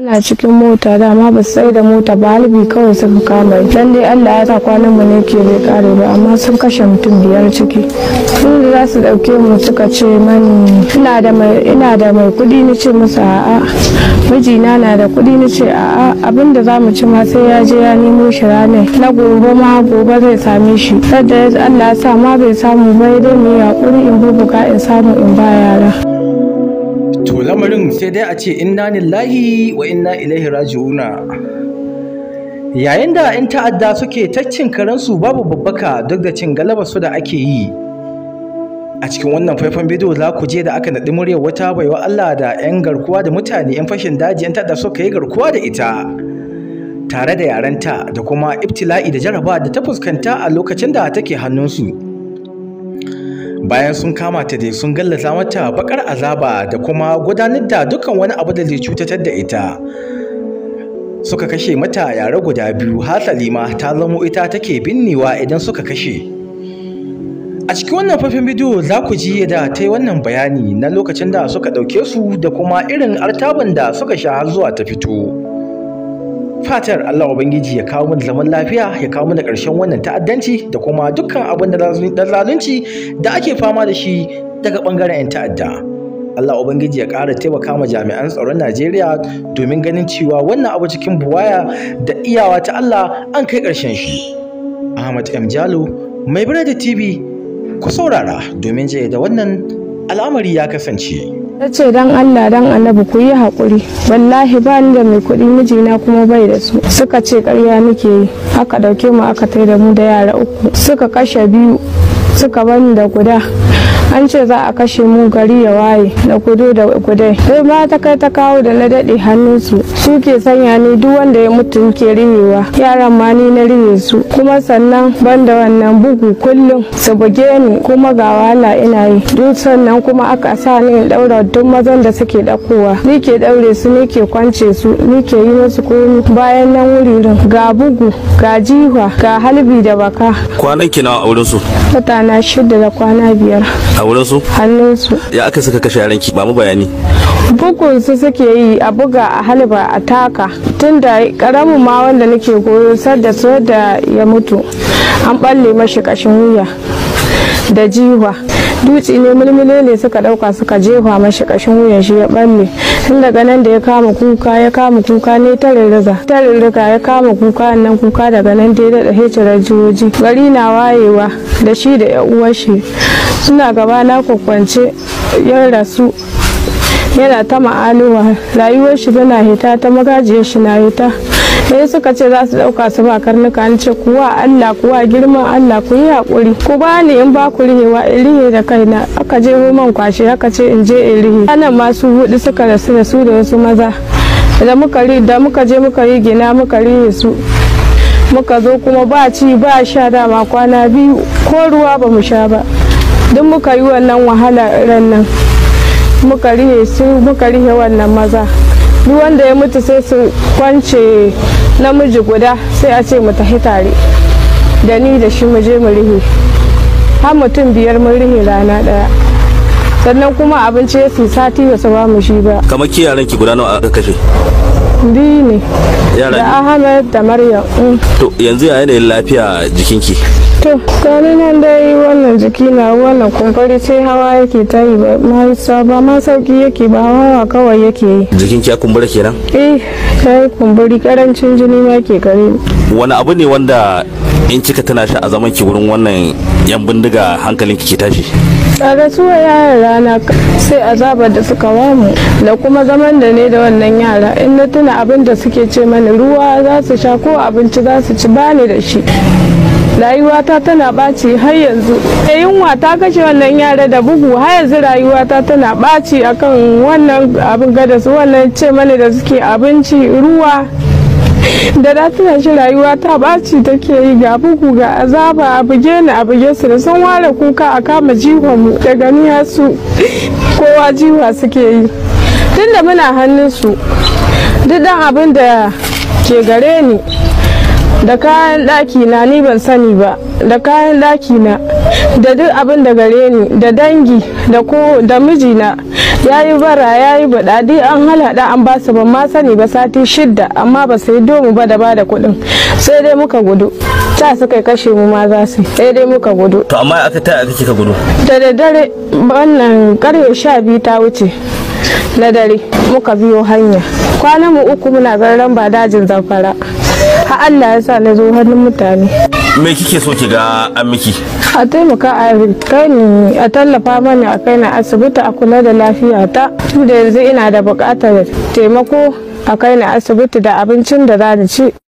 muna cikin mota dama ba sai da mota ba halibi kawai suka kama dan dai Allah ya sa kwanan mu ne ke bai kare ba amma sun kashe mutum biyar ciki sun da za su dauke mu suka ce mani ina da mai ina da mai kudi ni ce musu a'a mijina na da kudi ni ce a'a abin da zamu ci ma sai ya je ya nemo shi ranar na gobe ma gobe zai same shi sadda Allah ya sa ma bai samu ba dai mu yakuri in bubuga in samu in ba yara to lamarin sai dai a ce inna lillahi wa inna ilaihi raji'una yayin da 'yan ta'adda suke taccin karensu babu babbaka duk da cin galabar da ake yi a cikin wannan faifan bidiyo za ku je da aka naɗi muryar wata baiwa Allah da 'yan garkuwa da mutane 'yan fashin daji 'yan ta'adda suka yi garkuwa da ita tare da yarenta da kuma Iftila'i da jaraba da ta fuskanta a lokacin da take hannunsu bayan sun kama ta dai sun gallaza mata bakar azaba da kuma gudanar da dukkan wani abu da zai cutatar da ita suka kashe mata yare guda biyu har ma ta zamo ita take binnewa idan suka kashe a cikin wannan faifin bidiyo za ku ji da ta yi wannan bayani na lokacin da suka ɗauke su da kuma irin artaban da suka sha har zuwa ta fito fatar Allah Ubangiji ya kawo mana zaman lafiya ya kawo mana ƙarshen wannan ta'addanci da kuma dukkan abin da zalunci da ake fama da shi daga ɓangaren 'yan ta'adda. Allah Ubangiji ya ƙara taimaka ma jami'an tsaron Najeriya domin ganin cewa wannan abu cikin buwaya da iyawa ta Allah an kai ƙarshen shi. Ahmad M. Jalo, Mai Biredi TV, ku saurara domin da wannan al'amari ya kasance. ta ce dan Allah dan annabi ku yi haƙuri wallahi ba ni da mai kuɗi mijina kuma bai da su suka ce karya nake yi aka dauke mu aka tai da mu da yara uku suka kashe biyu suka bani da guda an ce za a kashe mu gari ya waye da kudu da kudai sai ba ta kai ta kawo da na daɗe hannunsu su ke sanya ni duk wanda ya mutu ke riyewa yaran ma ni na riye su kuma sannan ban da wannan bugu kullum su buge ni kuma ga wahala ina yi duk sannan kuma aka sa ni in ɗaura duk mazan da suke dakowa ni ke ɗaure su ni ke kwance su ni ke yi musu komi bayan nan wuririn ga bugu ga jiwa ga halbi da baka kwanan kina aure su wata shida da kwana biyar a wurin su hannun su ya aka suka kashe yaran ki ba mu bayani bugun su suke yi a buga a halba a taka tunda karamin ma wanda nake goyo sar da su da ya mutu an balle mashi kashin wuya da jiwa duci ne ne suka dauka suka jefa mashi kashin wuyan shi ya balle tun daga nan da ya kama kuka ya kama kuka ne ta rirriga ta rirriga ya kama kuka nan kuka daga nan da ya dada hecirar jihoji gari na wayewa da shi da ya uwar suna gaba na kwakwance ya rasu yana ta ma'anuwa rayuwar shi tana hita ta magajiyar shi na hita sai suka ce za su dauka su ba karnuka ni ce kuwa Allah kuwa girman Allah ku yi hakuri ku ba ni in ba ku rihewa in rihe da kaina aka je man kwashe aka ce in je in rihe anan masu hudu suka rasu da su da wasu maza da muka da muka je muka yi gina muka rihe su muka zo kuma ba ci ba sha dama kwana biyu ko ruwa ba mu sha ba duk muka yi wannan wahala irin nan muka rihe su muka rihe wannan maza duk wanda ya mutu sai su kwance namiji guda sai a ce mu tafi tare da ni da shi mu je mu rihe har mutum biyar mun rihe rana daya sannan kuma abinci ya sati ba su ba mu shi ba kamar ki yaran ki guda nawa aka kashe biyu ne da ahmed da maryam mm. to yanzu ya yanayin lafiya jikinki to gani nan dai wannan jiki na wannan kumfari sai hawa yake ta yi ba mahaifa ba ma sauki yake ba hawa kawai yake yi jikinki ya kumbura kenan eh ya yi kumburi karancin jini ma ke kare wani abu ne wanda in kika tana shi a zaman ki wurin wannan yan bindiga hankalin ki tashi a rasuwar yaran rana sai azabar da suka wamu da kuma zaman da ne da wannan yara in na tuna abin da suke ce mani ruwa za su sha ko abinci za su ci bani da shi rayuwata tana ɓaci har yanzu yunwa ta kashe wannan yara da bugu har yanzu rayuwata tana ɓaci akan wannan abin gada su wannan ce mani da suke abinci ruwa da na tana shi rayuwa ta ɓaci take yi ga bugu ga azaba a buge ni a buge su da sun ware kuka a kama jihon mu da gani su kowa jiwa suke yi tun da muna hannun su duk dan abin da ke gare ni da kayan ɗaki na ni ban sani ba da kayan ɗaki na da duk abin da gare ni da dangi da ko da mijina ya yi bara ya yi baɗaɗi an halada an ba su ban ma sani ba sati shidda amma ba sai domu ba da ba da kudin sai dai muka gudu ta suka kashe mu ma za su sai dai muka gudu to amma aka ta aka kika gudu da daddare wannan karfe sha biyu ta wuce na dare muka biyo hanya kwanan mu uku muna zarran ba dajin zamfara har Allah ya sa na zo hannun mutane me kike so ki ga an miki a taimaka a kai ni a tallafa mani a kai asibiti a kula da lafiyata da yanzu ina da buƙatar taimako a kai asibiti da abincin da za ci